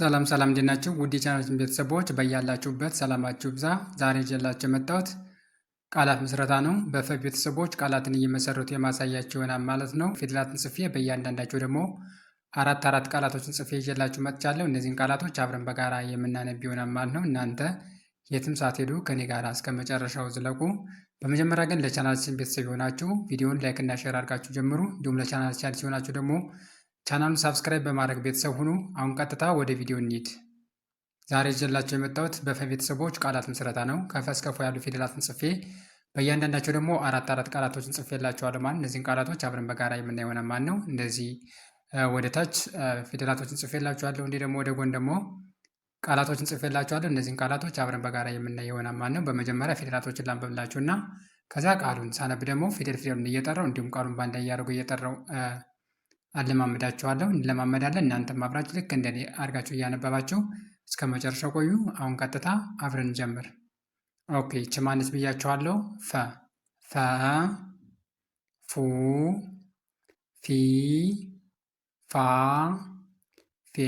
ሰላም ሰላም እንዴት ናችሁ? ውድ የቻናላችን ቤተሰቦች በያላችሁበት ሰላማችሁ ብዛ። ዛሬ ይዤላችሁ የመጣሁት ቃላት ምስረታ ነው። በፈ ቤተሰቦች ቃላትን እየመሰረቱ የማሳያቸው ይሆናል ማለት ነው። ፊደላትን ጽፌ በእያንዳንዳቸው ደግሞ አራት አራት ቃላቶችን ጽፌ ይዤላችሁ መጥቻለሁ። እነዚህን ቃላቶች አብረን በጋራ የምናነብ ይሆናል ማለት ነው። እናንተ የትም ሳትሄዱ ከኔ ጋር እስከ መጨረሻው ዝለቁ። በመጀመሪያ ግን ለቻናላችን ቤተሰብ የሆናችሁ ቪዲዮን ላይክ እና ሼር አድርጋችሁ ጀምሩ። እንዲሁም ለቻናላችን ሲሆናችሁ ደግሞ ቻናሉን ሳብስክራይብ በማድረግ ቤተሰብ ሁኑ። አሁን ቀጥታ ወደ ቪዲዮ እንሂድ። ዛሬ ይዤላቸው የመጣሁት በፈ ቤተሰቦች ቃላት ምስረታ ነው። ከፈ እስከ ፎ ያሉ ፊደላትን ጽፌ በእያንዳንዳቸው ደግሞ አራት አራት ቃላቶችን ጽፌላቸዋለሁ። ማለት እነዚህን ቃላቶች አብረን በጋራ የምናየሆነ ማን ነው እንደዚህ ወደ ታች ፊደላቶችን ጽፌላቸዋለሁ። እንዲህ ደግሞ ወደ ጎን ደግሞ ቃላቶችን ጽፌላቸዋለሁ። እነዚህን ቃላቶች አብረን በጋራ የምናየው ይሆናል ማለት ነው። በመጀመሪያ ፊደላቶችን ላንበብላችሁ እና ከዚያ ቃሉን ሳነብ ደግሞ ፊደል ፊደሉን እየጠራው እንዲሁም ቃሉን በአንድ ላይ እያደረጉ እየጠራው አለማመዳችኋለሁ እንለማመዳለን። እናንተም ማብራች ልክ እንደ አድርጋችሁ እያነበባችሁ እስከ መጨረሻው ቆዩ። አሁን ቀጥታ አብረን ጀምር። ኦኬ ችማነት ብያችኋለሁ። ፈ ፈ ፉ ፊ ፋ ፌ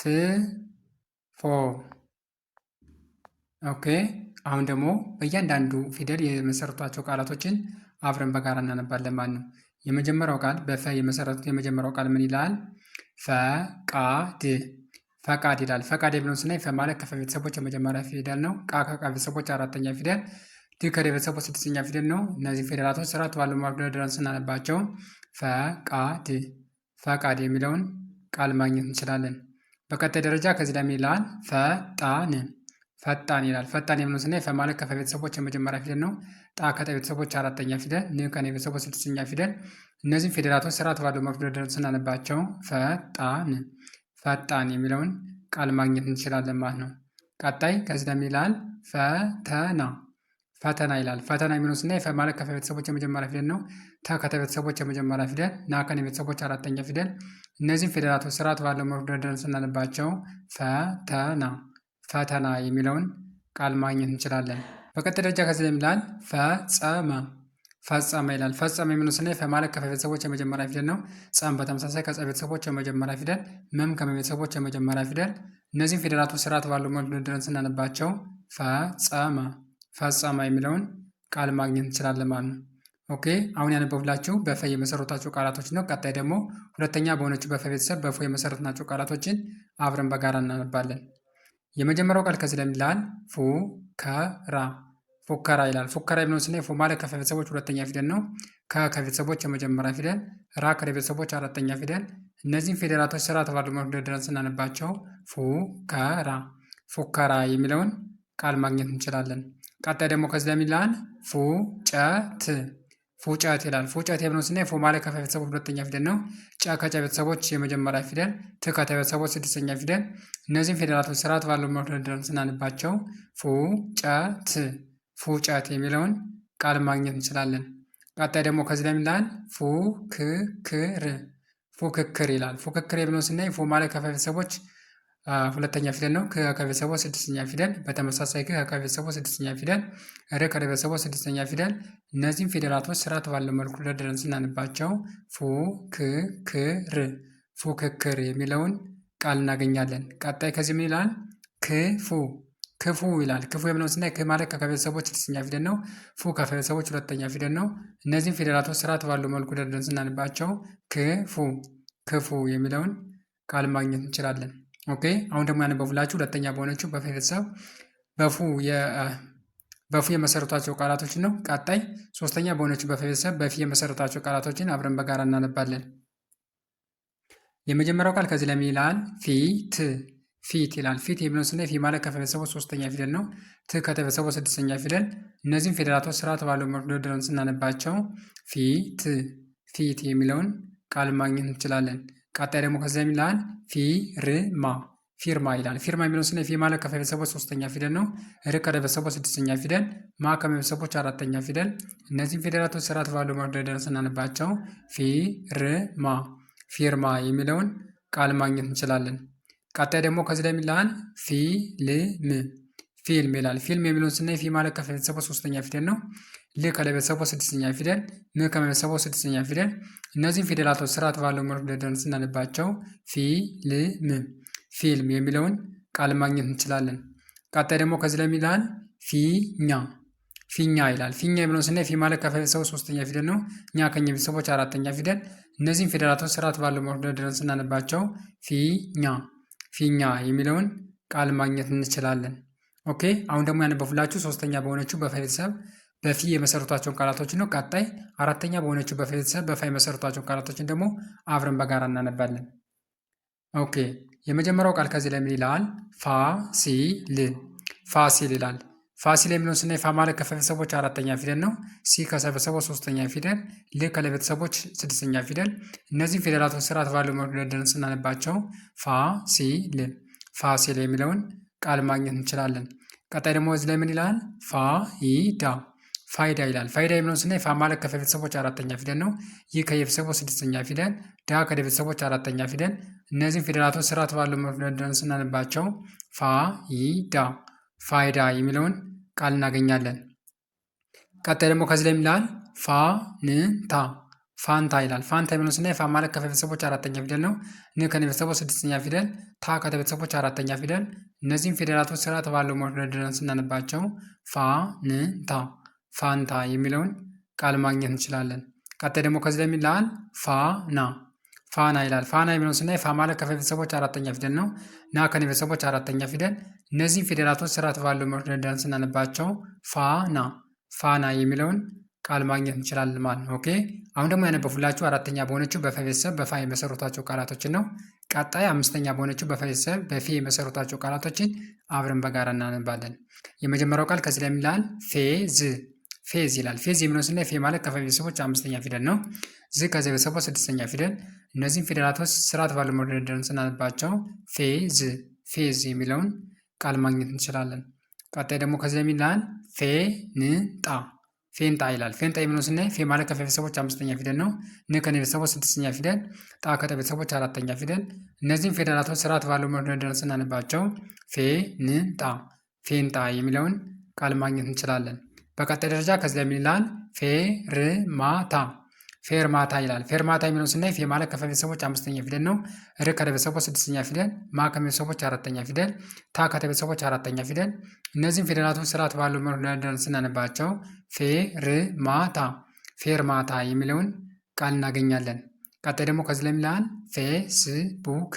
ፍ ፎ። ኦኬ አሁን ደግሞ በእያንዳንዱ ፊደል የመሰረቷቸው ቃላቶችን አብረን በጋራ እናነባለን ማለት ነው። የመጀመሪያው ቃል በፈ የመሰረቱት የመጀመሪያው ቃል ምን ይላል? ፈቃድ ፈቃድ ይላል። ፈቃድ የሚለውን ስናይ ፈ ማለት ከፈ ቤተሰቦች የመጀመሪያ ፊደል ነው። ቃ ከቃ ቤተሰቦች አራተኛ ፊደል፣ ድ ከደ ቤተሰቦች ስድስተኛ ፊደል ነው። እነዚህ ፊደላቶች ስርዓት ባለው መደርደር ስናነባቸው ፈቃድ ፈቃድ የሚለውን ቃል ማግኘት እንችላለን። በቀጣይ ደረጃ ከዚህ ላይ ይላል ፈጣን ፈጣን ይላል። ፈጣን የሚለውን ስናይ ፈ ማለት ከፈ ቤተሰቦች የመጀመሪያ ፊደል ነው። ጣ ከጠ ቤተሰቦች አራተኛ ፊደል፣ ን ከነ ቤተሰቦች ስድስተኛ ፊደል። እነዚህም ፊደላቶች ስርዓት ባለው መልኩ ደረጃ ስናነባቸው ፈጣን ፈጣን የሚለውን ቃል ማግኘት እንችላለን ማለት ነው። ቀጣይ ከዚህ ደግሞ ይላል ፈተና ፈተና ይላል። ፈተና የሚለውን ስናይ ፈ ማለት ከፈ ቤተሰቦች የመጀመሪያ ፊደል ነው። ተ ከተ ቤተሰቦች የመጀመሪያ ፊደል፣ ና ከነ ቤተሰቦች አራተኛ ፊደል። እነዚህም ፊደላቶች ስርዓት ባለው መልኩ ደረጃ ስናነባቸው ፈተና ፈተና የሚለውን ቃል ማግኘት እንችላለን። በቀጣይ ደረጃ ከዚህ ላይ ምላል ፈጸመ ፈጸመ ይላል። ፈጸመ የሚለው ስናይ ፈ ማለት ከፈ ቤተሰቦች የመጀመሪያ ፊደል ነው። ጸም በተመሳሳይ ከጸ ቤተሰቦች የመጀመሪያ ፊደል፣ መም ከመ ቤተሰቦች የመጀመሪያ ፊደል። እነዚህም ፊደላቱ ስርዓት ባለው መልኩ ድረን ስናነባቸው ፈጸመ ፈጸመ የሚለውን ቃል ማግኘት እንችላለን ማለት ነው። ኦኬ አሁን ያነበብላችሁ በፈ የመሰረቷቸው ቃላቶች ነው። ቀጣይ ደግሞ ሁለተኛ በሆነችው በፈ ቤተሰብ በፎ የመሰረትናቸው ቃላቶችን አብረን በጋራ እናነባለን። የመጀመሪያው ቃል ከዚህ ላይ ምላል ፉከራ ፉከራ ይላል። ፉከራ የሚለውን ስናይ ፉ ማለት ከቤተሰቦች ሁለተኛ ፊደል ነው። ከቤተሰቦች የመጀመሪያ ፊደል፣ ራ ከቤተሰቦች አራተኛ ፊደል። እነዚህም ፊደላቶች ስራ ባለው መልኩ ደርድረን ስናነባቸው ፉከራ ፉከራ የሚለውን ቃል ማግኘት እንችላለን። ቀጣይ ደግሞ ከዚህ ለሚላን ፉጨት ፉጨት ይላል። ፉጨት የሚለውን ስናይ ፉ ማለት ከፈ ቤተሰቦች ሁለተኛ ፊደል ነው። ጨ ከጨ ቤተሰቦች የመጀመሪያ ፊደል፣ ት ከተ ቤተሰቦች ስድስተኛ ፊደል። እነዚህም ፊደላቶች ስርዓት ባለው መልኩ ስናንባቸው ፉጨት ፉጨት የሚለውን ቃል ማግኘት እንችላለን። ቀጣይ ደግሞ ከዚህ ላይ ምን ፉክክር ፉክክር ይላል። ፉክክር የሚለውን ስናይ ፉ ማለት ከፈ ቤተሰቦች ሁለተኛ ፊደል ነው። ከከ ቤተሰቦ ስድስተኛ ፊደል፣ በተመሳሳይ ክ ከከ ቤተሰቦ ስድስተኛ ፊደል፣ ር ከረ ቤተሰቦ ስድስተኛ ፊደል። እነዚህም ፊደላቶች ስርዓት ባለው መልኩ ደርድረን ስናነባቸው ፉክክር ፉክክር የሚለውን ቃል እናገኛለን። ቀጣይ ከዚህ ምን ይላል? ክፉ ክፉ ይላል ክፉ የምለውን ስናይ ክ ማለት ከቤተሰቦች ስድስተኛ ፊደል ነው። ፉ ከቤተሰቦች ሁለተኛ ፊደል ነው። እነዚህም ፊደላቶች ስርዓት ባለው መልኩ ደርድረን ስናነባቸው ክፉ ክፉ የሚለውን ቃል ማግኘት እንችላለን። ኦኬ አሁን ደግሞ ያነበቡላችሁ ሁለተኛ በሆነችው በቤተሰብ በፉ በፉ የመሰረቷቸው ቃላቶችን ነው። ቀጣይ ሶስተኛ በሆነችው በቤተሰብ በፊ የመሰረቷቸው ቃላቶችን አብረን በጋራ እናነባለን። የመጀመሪያው ቃል ከዚህ ለምን ይላል? ፊት ፊት ይላል። ፊት የሚለውን ስናይ ፊ ማለት ከቤተሰቦች ሶስተኛ ፊደል ነው። ት ከቤተሰቦች ስድስተኛ ፊደል። እነዚህም ፊደላቶች ስርዓት ባለው መደርደርን ስናነባቸው ፊት ፊት የሚለውን ቃል ማግኘት እንችላለን። ቀጣይ ደግሞ ከዚያ የሚልል ፊርማ ፊርማ ይላል። ፊርማ የሚለውን ስናይ ፊ ማለት ከቤተሰቦች ሶስተኛ ፊደል ነው። ር ከቤተሰቦች ስድስተኛ ፊደል። ማ ከቤተሰቦች አራተኛ ፊደል። እነዚህም ፊደላቶች ስርዓት ባለው መደርደርን ስናነባቸው ፊርማ ፊርማ የሚለውን ቃል ማግኘት እንችላለን። ቀጣይ ደግሞ ከዚህ ላይ የሚላን ፊልም ፊልም ይላል። ፊልም የሚለውን ስናይ ፊ ማለት ከቤተሰቡ ሶስተኛ ፊደል ነው። ል ከለቤተሰቦ ስድስተኛ ፊደል፣ ም ከመቤተሰቦ ስድስተኛ ፊደል። እነዚህም ፊደላቶች ስርዓት ባለው መልኩ ደርድረን ስናነባቸው ፊልም ፊልም የሚለውን ቃል ማግኘት እንችላለን። ቀጣይ ደግሞ ከዚህ ላይ የሚላን ፊኛ ፊኛ ይላል። ፊኛ የሚለውን ስናይ ፊ ማለት ከቤተሰቡ ሶስተኛ ፊደል ነው። እኛ ከኛ ቤተሰቦች አራተኛ ፊደል። እነዚህም ፊደላቶች ስርዓት ባለው መልኩ ደርድረን ስናነባቸው ፊኛ ፊኛ የሚለውን ቃል ማግኘት እንችላለን። ኦኬ አሁን ደግሞ ያነበፉላችሁ ሶስተኛ በሆነችው በፈ ቤተሰብ በፊ የመሰረቷቸውን ቃላቶችን ነው። ቀጣይ አራተኛ በሆነችው በፈ ቤተሰብ በፋ የመሰረቷቸውን ቃላቶችን ደግሞ አብረን በጋራ እናነባለን። ኦኬ የመጀመሪያው ቃል ከዚህ ላይ ምን ይላል? ፋሲል ፋሲል ይላል። ፋሲል የሚለውን ስናይ ፋ ማለት ከፈቤተሰቦች አራተኛ ፊደል ነው። ሲ ከሰቤተሰቦች ሶስተኛ ፊደል፣ ል ከለቤተሰቦች ስድስተኛ ፊደል። እነዚህም ፊደላቱን ስርዓት ባለው መልኩ ደርድረን ስናነባቸው ፋ ሲ ል ፋሲል የሚለውን ቃል ማግኘት እንችላለን። ቀጣይ ደግሞ እዚህ ለምን ይላል? ፋ ይ ዳ ፋይዳ ይላል። ፋይዳ የሚለውን ስናይ ፋ ማለት ከፈቤተሰቦች አራተኛ ፊደል ነው። ይህ ከየቤተሰቦች ስድስተኛ ፊደል፣ ዳ ከደቤተሰቦች አራተኛ ፊደል። እነዚህም ፊደላቱን ስርዓት ባለው መልኩ ደርድረን ስናነባቸው ፋ ይ ዳ ፋይዳ የሚለውን ቃል እናገኛለን። ቀጣይ ደግሞ ከዚህ ላይ የሚላል ፋንታ ፋንታ ይላል። ፋንታ የሚለውን ስናይ ፋ ማለት ከፈ ቤተሰቦች አራተኛ ፊደል ነው። ን ከነ ቤተሰቦች ስድስተኛ ፊደል፣ ታ ከተ ቤተሰቦች አራተኛ ፊደል። እነዚህም ፊደላቶች ስርዓት ባለው መደርድረን ስናነባቸው ፋንታ ፋንታ የሚለውን ቃል ማግኘት እንችላለን። ቀጣይ ደግሞ ከዚህ ላይ የሚላል ፋና ፋና ይላል። ፋና የሚለውን ስናይ ፋ ማለት ከፈ ቤተሰቦች አራተኛ ፊደል ነው። ና ከነ ቤተሰቦች አራተኛ ፊደል እነዚህን ፊደላቶች ስርዓት ባለው መልኩ ደርድረን ስናነባቸው ፋና ፋና የሚለውን ቃል ማግኘት እንችላለን ማለት ነው። ኦኬ አሁን ደግሞ ያነበብኩላችሁ አራተኛ በሆነችው በፈ ቤተሰብ በፋ የመሰረቷቸው ቃላቶችን ነው። ቀጣይ አምስተኛ በሆነችው በፈ ቤተሰብ በፊ የመሰረቷቸው ቃላቶችን አብረን በጋራ እናነባለን። የመጀመሪያው ቃል ከዚህ ላይ የሚላል ፌዝ ፌዝ ይላል። ፌዝ የሚለውን ስናይ ፌ ማለት ከፈ ቤተሰቦች አምስተኛ ፊደል ነው። ዝ ከዚህ ቤተሰቦች ስድስተኛ ፊደል። እነዚህም ፊደላቶች ስርዓት ባለመደደን ስናነባቸው ፌዝ ፌዝ የሚለውን ቃል ማግኘት እንችላለን። ቀጣይ ደግሞ ከዚህ የሚላን ፌንጣ ፌንጣ ይላል። ፌንጣ የሚለው ስናይ ፌ ማለት ከፌ ቤተሰቦች አምስተኛ ፊደል ነው። ን ከኔ ቤተሰቦች ስድስተኛ ፊደል፣ ጣ ከጠ ቤተሰቦች አራተኛ ፊደል። እነዚህም ፊደላቶች ስርዓት ባለው መልኩ ደረስ እናንባቸው ፌንጣ ፌንጣ የሚለውን ቃል ማግኘት እንችላለን። በቀጣይ ደረጃ ከዚህ የሚላን ፌርማታ ፌርማታ ይላል። ፌርማታ የሚለውን ስናይ ፌ ማለት ከፈ ቤተሰቦች አምስተኛ ፊደል ነው። ር ከደ ቤተሰቦች ስድስተኛ ፊደል፣ ማ ከቤተሰቦች አራተኛ ፊደል፣ ታ ከተ ቤተሰቦች አራተኛ ፊደል። እነዚህም ፊደላቱን ስርዓት ባለው መርሁ ደርድረን ስናነባቸው ፌርማታ ፌርማታ የሚለውን ቃል እናገኛለን። ቀጣይ ደግሞ ከዚህ ለሚላል ፌስቡክ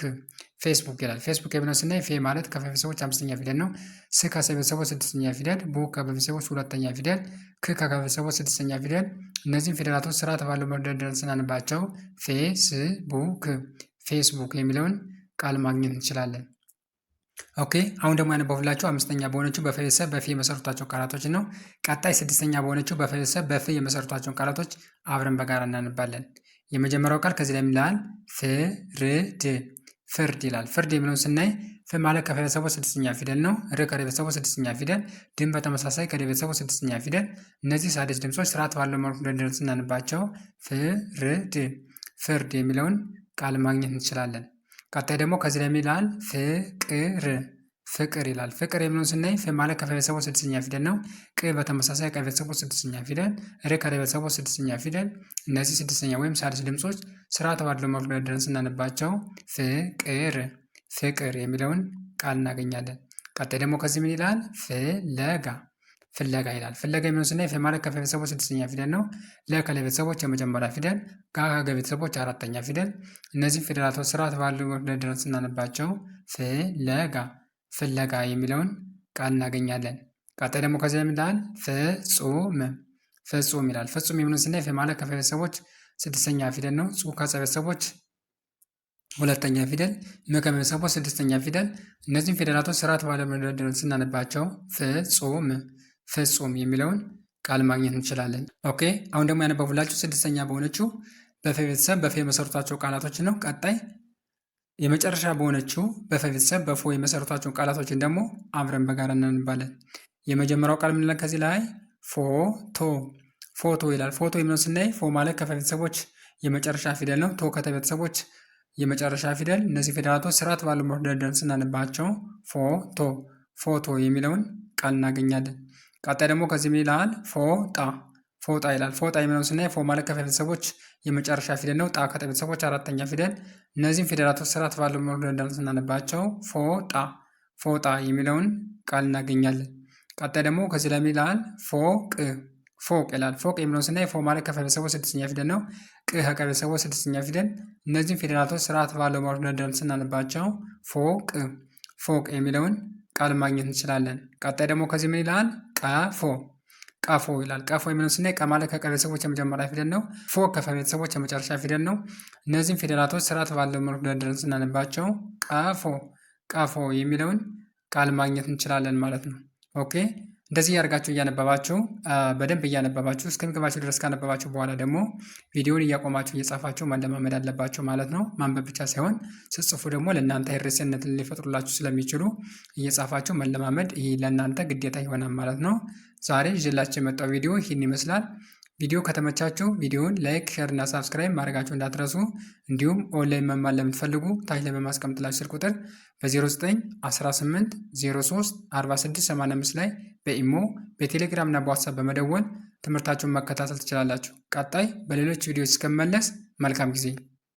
ፌስቡክ ይላል። ፌስቡክ የሚለው ስናይ ፌ ማለት ከፈ አምስተኛ ፊደል ነው። ስ ከሰቤተሰቦች ስድስተኛ ፊደል፣ ቡ ከበ ሁለተኛ ፊደል፣ ክ ከከ ስድስተኛ ፊደል። እነዚህም ፊደላቶች ስርዓት ባለው መደርደር ስናንባቸው ፌ ስ ቡ ክ ፌስቡክ የሚለውን ቃል ማግኘት እንችላለን። ኦኬ አሁን ደግሞ ያነበብላችሁ አምስተኛ በሆነችው በፈ ቤተሰብ በፊ የመሰረቷቸው ቃላቶች ነው። ቀጣይ ስድስተኛ በሆነችው በፈ ቤተሰብ በፍ የመሰረቷቸውን ቃላቶች አብረን በጋራ እናንባለን። የመጀመሪያው ቃል ከዚህ ላይ ምላል ፍርድ ፍርድ ይላል። ፍርድ የሚለውን ስናይ ፍ ማለት ከፈ ቤተሰቡ ስድስተኛ ፊደል ነው። ር ከረ ቤተሰቡ ስድስተኛ ፊደል፣ ድም በተመሳሳይ ከደ ቤተሰቡ ስድስተኛ ፊደል። እነዚህ ሳድስ ድምፆች ስርዓት ባለው መልኩ ደርድረን ስናንባቸው ፍርድ ፍርድ የሚለውን ቃል ማግኘት እንችላለን። ቀጣይ ደግሞ ከዚህ ለሚላል ፍቅር ፍቅር ይላል። ፍቅር የሚለውን ስናይ ፍ ማለት ከፈ ቤተሰቡ ስድስተኛ ፊደል ነው። ቅ በተመሳሳይ ከቤተሰቦ ስድስተኛ ፊደል፣ ር ከረ ቤተሰቡ ስድስተኛ ፊደል። እነዚህ ስድስተኛ ወይም ሳድስ ድምፆች ስራ ተባድሎ መልኩ ደርድረን ስናነባቸው ፍቅር ፍቅር የሚለውን ቃል እናገኛለን። ቀጣይ ደግሞ ከዚህ ምን ይላል? ፍለጋ ፍለጋ ይላል። ፍለጋ የሚለውን ስናይ ፍ ማለት ከፈ ቤተሰቦች ስድስተኛ ፊደል ነው። ለ ከለ ቤተሰቦች የመጀመሪያ ፊደል፣ ጋ ከገ ቤተሰቦች አራተኛ ፊደል። እነዚህ ፊደላቶች ስራ ተባድሎ መልኩ ደርድረን ስናነባቸው ፍለጋ ፍለጋ የሚለውን ቃል እናገኛለን። ቀጣይ ደግሞ ከዚህ ምንላል ፍጹም ፍጹም ይላል። ፍጹም የሚለውን ስናይ ማለት ከፈ ቤተሰቦች ስድስተኛ ፊደል ነው። ጹ ከጸ ቤተሰቦች ሁለተኛ ፊደል፣ መ ከመ ቤተሰቦች ስድስተኛ ፊደል። እነዚህም ፊደላቶች ስርዓት ባለ ባለመደርደር ስናነባቸው ፍጹም ፍጹም የሚለውን ቃል ማግኘት እንችላለን። ኦኬ አሁን ደግሞ ያነበቡላችሁ ስድስተኛ በሆነችው በፌ ቤተሰብ በፌ መሰረቷቸው ቃላቶች ነው። ቀጣይ የመጨረሻ በሆነችው በፈ ቤተሰብ በፎ የመሰረቷቸውን ቃላቶችን ደግሞ አብረን በጋራ እናንባለን። የመጀመሪያው ቃል ምንለን ከዚህ ላይ ፎቶ ፎቶ ይላል። ፎቶ የሚለውን ስናይ ፎ ማለት ከፈ ቤተሰቦች የመጨረሻ ፊደል ነው። ቶ ከተ ቤተሰቦች የመጨረሻ ፊደል። እነዚህ ፊደላቶች ስርዓት ባለው መደርደር ስናንባቸው ፎቶ ፎቶ የሚለውን ቃል እናገኛለን። ቀጣይ ደግሞ ከዚህ ይላል ፎጣ ፎጣ ይላል። ፎጣ የሚለውን ስናይ ፎ ማለት ከፈ ቤተሰቦች የመጨረሻ ፊደል ነው። ጣ ከጠ ቤተሰቦች አራተኛ ፊደል። እነዚህም ፊደላቶች ስርዓት ባለው መልኩ ለእንዳንዱ ስናነባቸው ፎጣ ፎጣ የሚለውን ቃል እናገኛለን። ቀጣይ ደግሞ ከዚህ ላይ ይላል ፎቅ ፎቅ ይላል። ፎቅ የሚለውን ስናይ ፎ ማለት ከፈ ቤተሰቦች ስድስተኛ ፊደል ነው። ቅ ከቀ ቤተሰቦች ስድስተኛ ፊደል። እነዚህም ፊደላቶች ስርዓት ባለው መልኩ ለእንዳንዱ ስናነባቸው ፎቅ ፎቅ የሚለውን ቃል ማግኘት እንችላለን። ቀጣይ ደግሞ ከዚህ ምን ይላል ቀፎ ቀፎ ይላል። ቀፎ የሚለውን ስናይ ቀ ማለት ከቀ ቤተሰቦች የመጀመሪያ ፊደል ነው። ፎ ከፈ ቤተሰቦች የመጨረሻ ፊደል ነው። እነዚህም ፊደላቶች ስርዓት ባለው መልኩ ደርድረን ስናነባቸው ቀፎ ቀፎ የሚለውን ቃል ማግኘት እንችላለን ማለት ነው። ኦኬ እንደዚህ እያደርጋችሁ እያነበባችሁ በደንብ እያነበባችሁ እስከሚገባችሁ ድረስ ካነበባችሁ በኋላ ደግሞ ቪዲዮን እያቆማችሁ እየጻፋችሁ ማለማመድ አለባችሁ ማለት ነው። ማንበብ ብቻ ሳይሆን ስጽፉ ደግሞ ለእናንተ ርዕስነትን ሊፈጥሩላችሁ ስለሚችሉ እየጻፋችሁ መለማመድ ይህ ለእናንተ ግዴታ ይሆናል ማለት ነው። ዛሬ ይዤላችሁ የመጣው ቪዲዮ ይህን ይመስላል። ቪዲዮ ከተመቻችሁ ቪዲዮውን ላይክ፣ ሼር እና ሳብስክራይብ ማድረጋችሁ እንዳትረሱ። እንዲሁም ኦንላይን መማር ለምትፈልጉ ታች ላይ በማስቀምጥላችሁ ስልክ ቁጥር በ 0918 03 4685 ላይ በኢሞ በቴሌግራም እና በዋትሳፕ በመደወል ትምህርታችሁን መከታተል ትችላላችሁ። ቀጣይ በሌሎች ቪዲዮዎች እስከመለስ መልካም ጊዜ